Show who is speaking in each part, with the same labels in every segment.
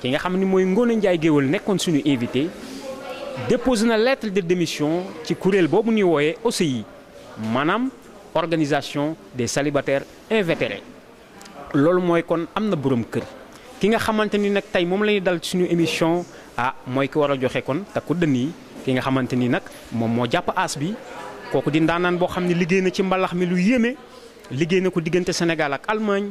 Speaker 1: ki nga xam moy Ngone ndjay geewal nekkon suñu invité déposé na lettre de démission ci courriel bobu ñuy woyé OCI manam organisation des célibataires invétérés loolu moy kon amna borom kër ki nga xamanteni nak tay mom moom la ñuy dal suñu émission ah moy ki wara joxé kon takku dënn yi ki nga xamanteni nak mom mo japp as bi koku di ndanan bo xamni ne ci mbalax mi lu yéeme liggéey ko diggante Sénégal ak Allemagne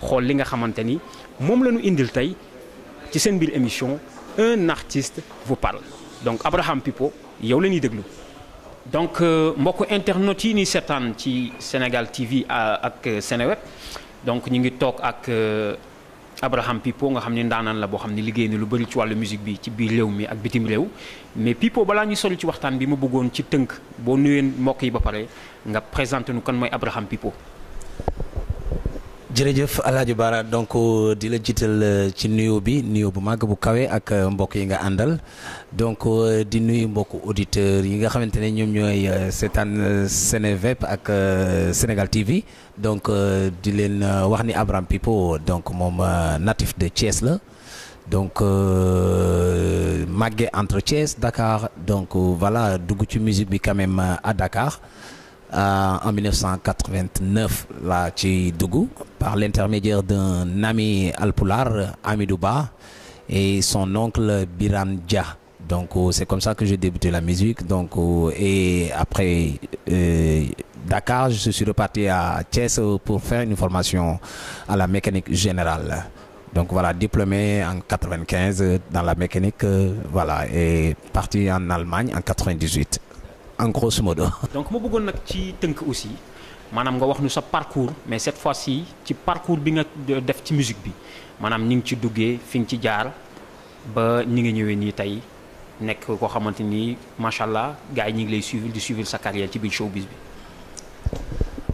Speaker 1: xol li nga xamanteni mom lañu indil tay ci seen émission un artiste vous parle donc Abraham Pipo yow la ñuy déglu. donc euh, mbokk internet yi ni seetaan ci Sénégal TV ak euh, Seneweb donc ñi ngi tok ak euh, Abraham Pipo nga xamni ni la bo xamni ni liggéey na lu bari ci wàllu musique bi ci bi rew mi ak bitim rew mais Pipo balaa ñuy solu ci waxtaan bi ma bëggoon ci tënk bo nuyeen mbokk yi ba paré nga présenté nu kan moy Abraham Pipo.
Speaker 2: Je suis donc di la jiital euh, ci nuyo bi nuyo bu mag bu kawé ak euh, mbokk yi nga andal donc euh, di nuyu mbokku auditeur yi nga xamantene ñom ñoy ñooy senevep ak Sénégal TV donc di len wax ni Abraham Pipo donc natif de Thiès la donc magué entre Thiès Dakar donc voilà dugg ci musique bi quand même à Dakar en 1989 là chez par l'intermédiaire d'un ami alpular, Amidouba, et son oncle Biran Dja donc euh, c'est comme ça que j'ai débuté la musique donc euh, et après euh, Dakar je suis reparti à Thiès pour faire une formation à la mécanique générale donc voilà diplômé en 95 dans la mécanique voilà et parti en Allemagne en 98 en grosso modo.
Speaker 1: donc je bëggoon nag ci aussi sa parcours mais cette fois-ci ci parcours bi nga def musique bi maanaam ning ci dougué, fi ci je ba nga lay suivre suivre sa carrière ci bi showbiz bi.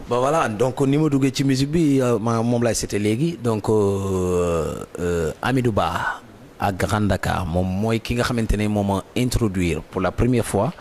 Speaker 2: ba voilà donc ni ma duggee ci musique bi vais euh, moom laay donc euh, euh, Amidou Ba à Grand Dakar Mon moment ki nga introduire pour la première fois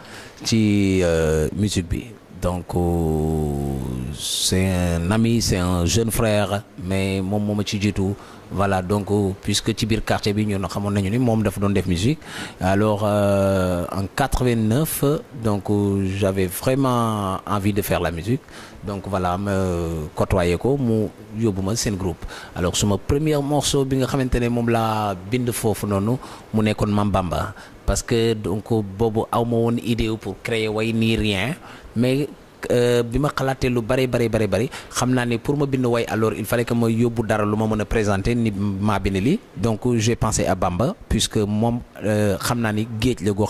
Speaker 2: ci euh, musique donc euh, c'est un ami c'est un jeune frère mais mon moment ci tout voilà donc euh, puisque ci biir quartier bi ñun xamoon nañu ni mom dafa doon def musique alors euh, en 89 donc euh, j'avais vraiment envie de faire la musique donc voilà me côtoyé ko mu yobuma sen groupe alors suma premier morceau bi nga xamantene mom la bind fofu nonu mu nekkoon Mambamba parce que donc bobu pas won une idée pour créer way ni rien mais euh, bi ma xalaatee lu bari bari bari bari xamna naa pour ma bind way alors il fallait que moy yóbbu dara luma ma présenter ni ma bineli. donc j'ai pensé à Bamba puisque mom euh, xamna ni géej le go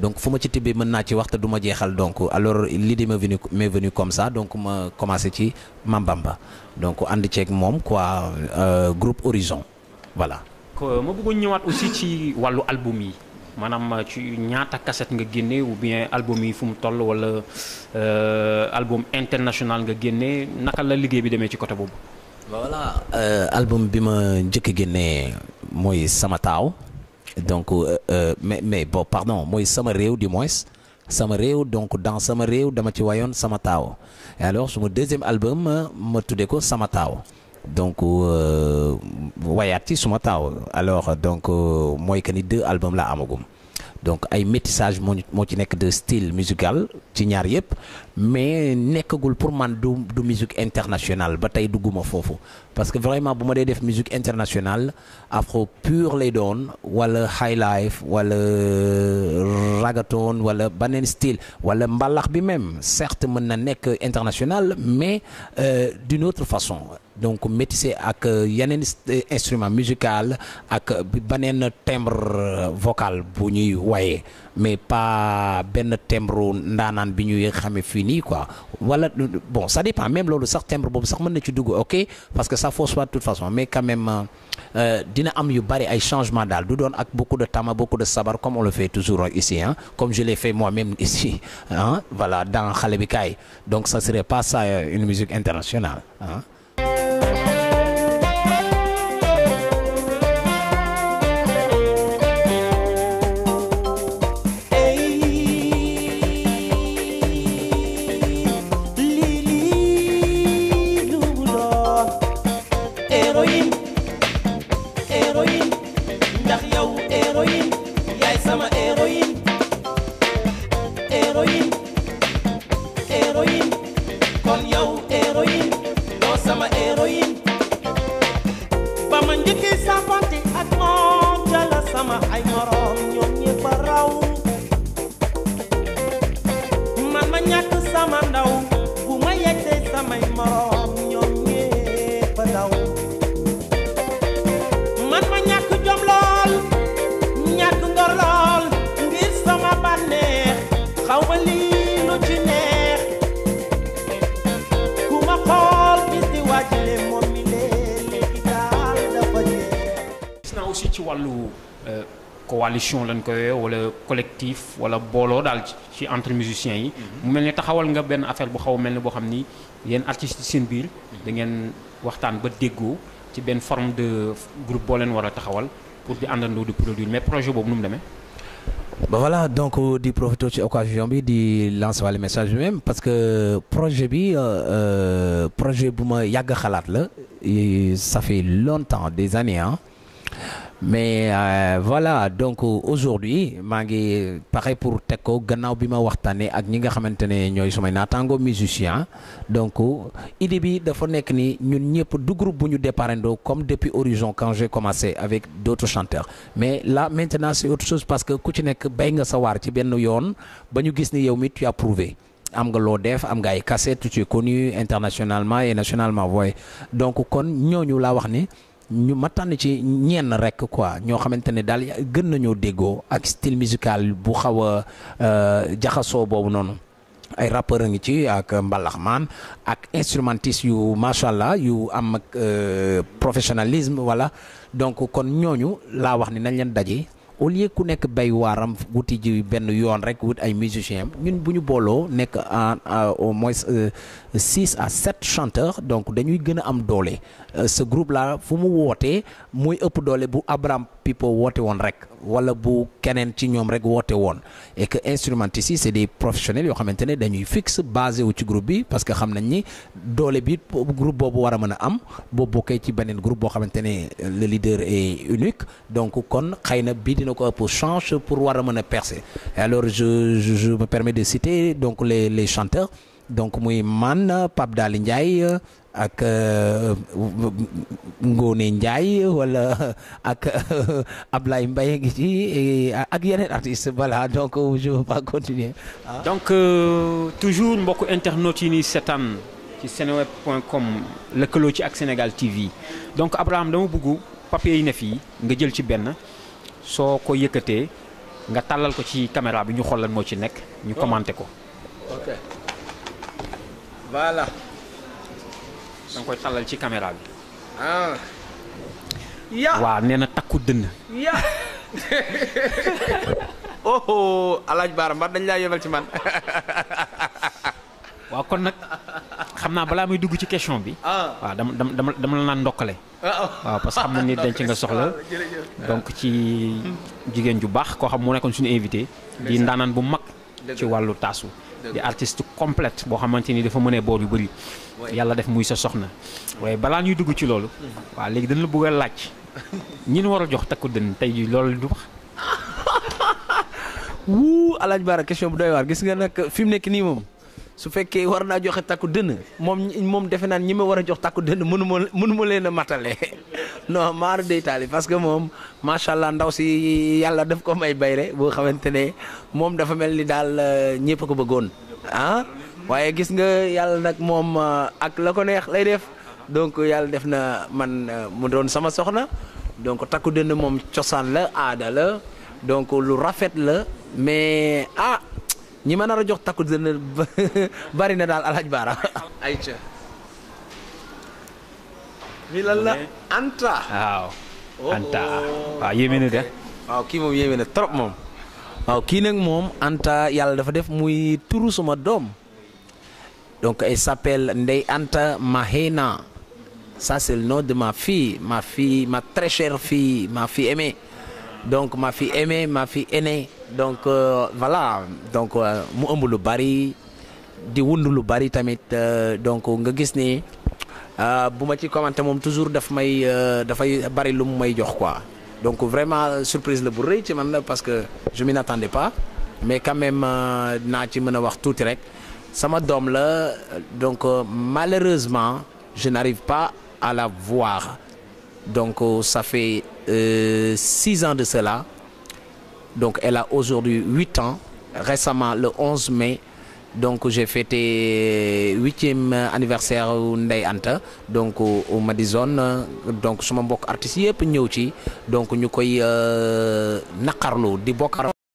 Speaker 2: donc fuma ci tibé mën ci waxta duma jéxal donc alors l'idée m'est venu m'est venu comme ça donc ma commencé ci Mam Bamba donc ci ak mom quoi euh, groupe Horizon voilà.
Speaker 1: ma bëggu ñëwaat aussi ci walu album yi manam ci ñaata cassette nga génne ou bien album yi fu mu toll wala euh, album international nga génne naka la liggéey bi demee ci côté bobu
Speaker 2: bah voilà euh, album bima ma njëkk moy génne sama taaw donc euh, mais mais bon pardon moy sama réew du moins sama réew donc dans sama réew dama ci wayoon sama taaw et alors mon deuxième album ma tuddee ko sama taaw donc je suis suma matin? alors donc mooy que ni deux albums mon amagum donc ay métissage de style musical ci ñaar yep. mais pour man du musique internationale bataille parce que vraiment bu ma def musique internationale afro pur don, ou wala high life wala ragaton wala banane style wala mbalax bi même certes mën un nekk international mais euh, d'une autre façon donc métissé ak euh, yenen instrument musical ak un timbre euh, vocal bu ñuy mais pas un timbre ndanan bi ñuy fini quoi wala bon ça dépend même lolu sax timbre boobu sax mën na ci dugg ok parce que ça fausse pas de toute façon mais quand même euh, dina am yu bari ay changement d'al du don ak beaucoup de tama beaucoup de sabar comme on le fait toujours ici hein comme je l'ai fait moi-même ici hein voilà dans Xale donc ça serait pas ça une musique internationale hein Bye. ou euh,
Speaker 1: coalition ou ko collectif wala entre musiciens yi. Mhm. mu melni affaire a bo xamni mhm. forme de groupe pour di di produire mais projet vous
Speaker 2: bah voilà donc euh, di profité occasion lancer le message même parce que projet bi euh, projet bu ma yag ça fait longtemps des années hein mais euh, voilà donc aujourd'hui mangi pareil pour Teko ko gannaaw bima ma ak ñi nga xamante ñoy sumay musicien donc il bi dafa nek ni ñun ñep du groupe bu ñu comme depuis Horizon quand j'ai commencé avec d'autres chanteurs mais là maintenant c'est autre chose parce que ku ci nek bay nga sa es ci ben yoon bañu tu as prouvé am nga lo def am nga ay cassettes tu es connu internationalement et nationalement voyez donc kon ñooñu la wax ñu ma tànn ci ñenn rek quoi ñoo xamante ne daal gën nañoo déggoo ak style musical bu xaw a euh, jaxasoo boobu noonu ay rappeur a ngi ci ak mbalaxmaan ak instrumentiste yu macha allah yu am ak euh, professionnalisme voilà donc kon ñooñu laa wax ni nañ leen daje au lieu ku nekk bay waaram wuti ji benn yoon rek wut ay musiciens ñun bu ñu booloo nekk au moins. Euh, six à sept chanteurs donc dañuy gëna am doole euh, ce groupe là fu mu wootee muy ëpp doole bu Abraham Pipo woté won rek wala bu kenen ci ñom rek woté won et que instrument ici c'est des professionnels yo xamantene dañuy fixe basé wu ci groupe bi parce que xam nañ ni doole bi groupe bobu wara mëna am boo bokkee ci benen groupe bo xamantene le leader est unique donc kon xëy bi dina ko ëpp change pour wara mëna percer alors je je me permets de citer donc les les chanteurs donc muy man pap Daly Ndiaye ak euh, Ngone Ndiaye wala ak euh, Ablaye Mbaye gi ci ak yeneen artiste voilà donc je veux pas continuer ah. donc
Speaker 1: euh, toujours mbok internautes yi ni seetaan ci seneweb.com le clo ci ak Sénégal TV donc Abraham dama bëgg papier yi ne fi nga jël ci ben soko yëkëté nga talal ko ci caméra bi ñu xolal mo ci nek ñu oh. commenter ko
Speaker 2: okay Vai lá.
Speaker 1: Então cortar lá de
Speaker 2: Ah. Ya.
Speaker 1: Wah, nena tak kuden.
Speaker 2: Ya. oh, alaj bar, mbar dañ la yebal ci man.
Speaker 1: Wa kon nak xamna bala muy dugg ci question bi. Ah. Wa dam dam dam la nan ndokalé. Wa parce xamna ni dañ ci nga soxla. Donc ci jigen ju bax ko xam mo nekkon suñu invité di ndanan bu mak ci walu tasu. di artiste complète boo xamante ni dafa mënee boor yu bëri yàlla def muy sa soxna waaye balaa ñuy dugg ci loolu waaw léegi dañ la bëgg a laaj ñin war a jox takku dënn tey ji loolu du
Speaker 2: wax wuu alaaj baara question bu doy waar gis nga nag fi mu nekk nii moom su fekkee war naa joxe takku dënn moom moom defe naan ñi ma war a jox takku dënn mënuma mënuma leen a matalee non maaru day taali parce que moom macha allah ndaw si yàlla daf ko may bayre boo xamante ne moom dafa mel ni daal euh, ñëpp ko bëggoon ah waaye gis nga yàlla nag moom euh, ak la ko neex lay def donc yàlla def na man euh, mu doon sama soxna donc takku dënn moom cosaan la aada la donc lu rafet la mais ah ñi ma nar jox takku dënn bari na daal alaaj baara la anta waaw oh, anta oh. wa yéeme na de waaw ki moom yéeme trop mom waaw ki nak mom anta yalla dafa def muy turu suma dom donc elle s'appelle Ndey Anta Mahena ça c'est le nom de ma fille ma fille ma très chère fille ma fille aimée donc ma fille aimée ma fille aînée donc euh, voilà donc euh, mu ëmb lu bari di wund lu bari tamit euh, donc nga gis ni bu ma ci commenté moom toujours daf may dafay bari lu may jox quoi donc vraiment surprise le bu rëy ci man parce que je m'y attendais pas mais quand même naa ci mën a wax tuuti rek sama doom donc malheureusement je n'arrive pas à la voir donc ça fait euh, six ans de cela donc elle a aujourd'hui 8 ans. Récemment, le 11 mai, donc j'ai fêté 8e anniversaire Ndai Anta donc au Madison donc je mbokk artistes yëpp ci donc ñu koy euh, naqarlu di